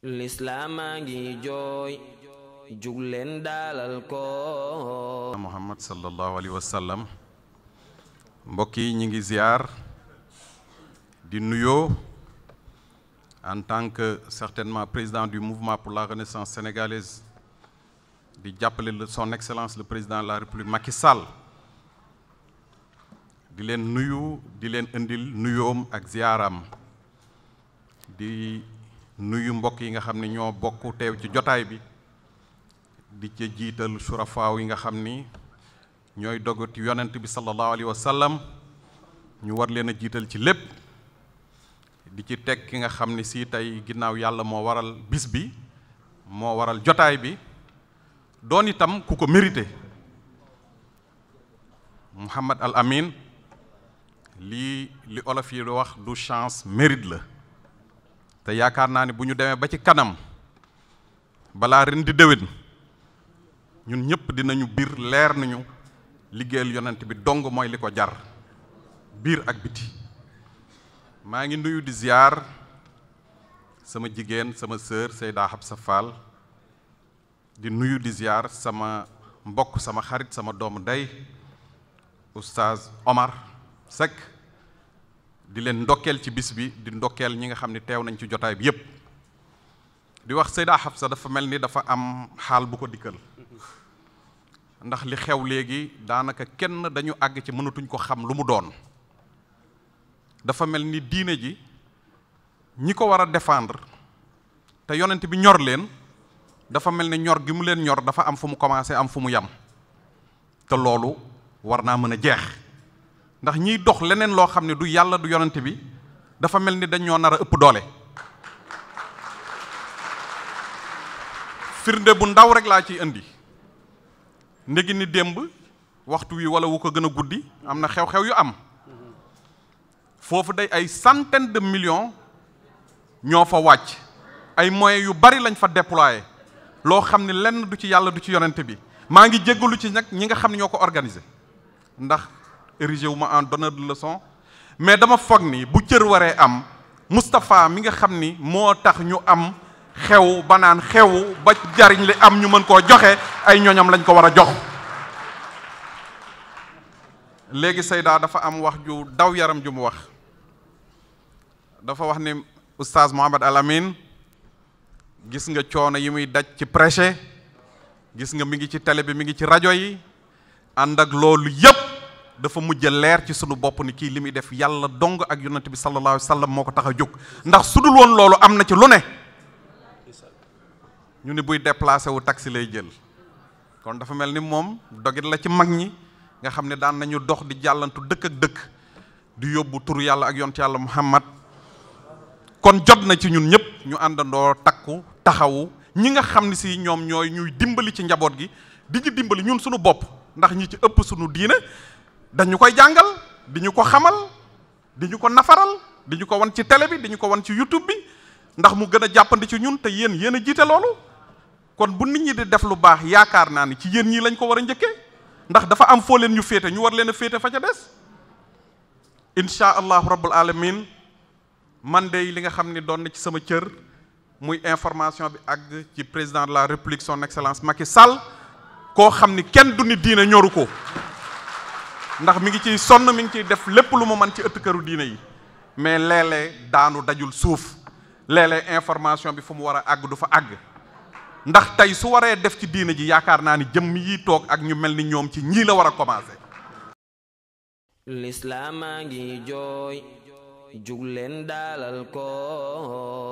lislaamaa ngi jooy jug leen daalal ko muhammad sallallahu alayhi wa mbokk yi ñi ngi ziar di nuyoo en tant que certainement président du mouvement pour la renaissance sénégalaise di jàppale son excellence le président de la république Macky Sall di leen nuyu di leen indil nuyoom ak ziaram di nuyu mbokk yi nga xam ni ñoo bokk teew ci jotaay bi di ca jiital surafaaw yi nga xam ni ñooy dogati yonent bi sallallahu alayhi wa ñu war leen a jiital ci lépp di ci teg ki nga xam ni si tey ginnaaw yàlla moo waral bis bi moo waral jotaay bi doon itam ku ko mérité Mouhamad Al Amin lii li olof yi wax du chance mérite la te yaakaar naa ne bu ñu demee ba ci kanam balaa ren di déwén ñun ñëpp dinañu biir leer nañu liggéeyal yonent bi dong mooy li ko jar biir ak biti maa ngi nuyu di ziar sama jigéen sama sœur Seyda Habsa Fall di nuyu di ziar sama mbokk sama xarit sama doomu day oustaz Omar Seck di leen ndokkeel ci bis bi di ndokkeel ñi nga xam ne teew nañ ci jotaay bi yépp di wax Seyda Hafsa dafa mel ni dafa am xaal bu ko dikkal ndax li xew léegi daanaka kenn dañu àgg ci mënatuñ ko xam lu mu doon dafa mel ni diine ji ñi ko war a défendre te yonent bi ñor leen dafa mel ni ñor gi mu leen ñor dafa am fu mu commencé am fu mu yam te loolu war naa mën a jeex ndax ñiy dox leneen loo xam ne du yàlla du yonent bi dafa mel ni dañoo nar a ëpp doole firnde bu ndaw rek laa ci indi ndegi ni démb waxtu wi wala wu ko gën a guddi am na xew-xew yu am foofu day ay centaine de millions ñoo fa wàcc ay moyens yu bari lañ fa déployé loo xam ne lenn du ci yàlla du ci yonent bi maa ngi jéggalu ci nag ñi nga xam ne ñoo ko organise ndax érigé wu ma en donneur de leçon mais dama foog ni bu cër waree am Moustapha mi nga xam ni moo tax ñu am xew ba naan xew ba jariñ li am ñu mën koo joxe ay ñoñam lañ ko war a jox léegi seydaa dafa am wax ju daw yaram ju mu wax dafa wax ni oustaz Mohamed Alamine gis nga coono yi muy daj ci prêcher gis nga mi ngi ci tele bi mi ngi ci rajo yi ànd ak loolu yépp dafa mujj leer ci sunu bopp ni kii li muy def yàlla dong ak yonent bi sallallahu alayhi wa moo ko tax a jóg ndax su dul woon loolu am na ci lu ne ñu ni buy déplacé wu taxi lay jël kon dafa mel ni moom dogit la ci mag ñi nga xam ne daan nañu dox di jàllantu dëkk ak dëkk di yóbbu tur yàlla ak yont yàlla muhammad kon jot na ci ñun ñëpp ñu àndandoo takku taxawu ñi nga xam ne si ñoom ñooy ñuy dimbali ci njaboot gi di ñu dimbali ñun suñu bopp ndax ñi ci ëpp suñu diine dañu koy jàngal di ñu ko xamal di ñu ko nafaral di ñu ko wan ci télé bi di ñu ko wan ci YouTube bi ndax mu gën a jàppandi ci ñun te yéen yéen a jiite loolu kon bu nit ñi di def lu baax yaakaar naa ni ci yéen ñii lañ ko war a njëkke ndax dafa am foo leen ñu féete ñu war leen féete fa ca des incha allahu rabbul alamin man de li nga xam ni doon na ci sama cër muy information bi ak ci président de la république son excellence Macky Sall koo xam ni kenn du ni diine ñoru ko ndax mi ngi ciy sonn mi ngi ciy def lépp lu ma mën ci ëtt këru diine yi mais léeg daanu dajul suuf léeg-léeg information bi fu mu war a àgg du fa àgg ndax tey su waree def ci diine ji yaakaar naa ni jëmm yi toog ak ñu mel ni ñoom ci ñii la war a commencé. lislaamaa ngi jooy jug leen daalal ko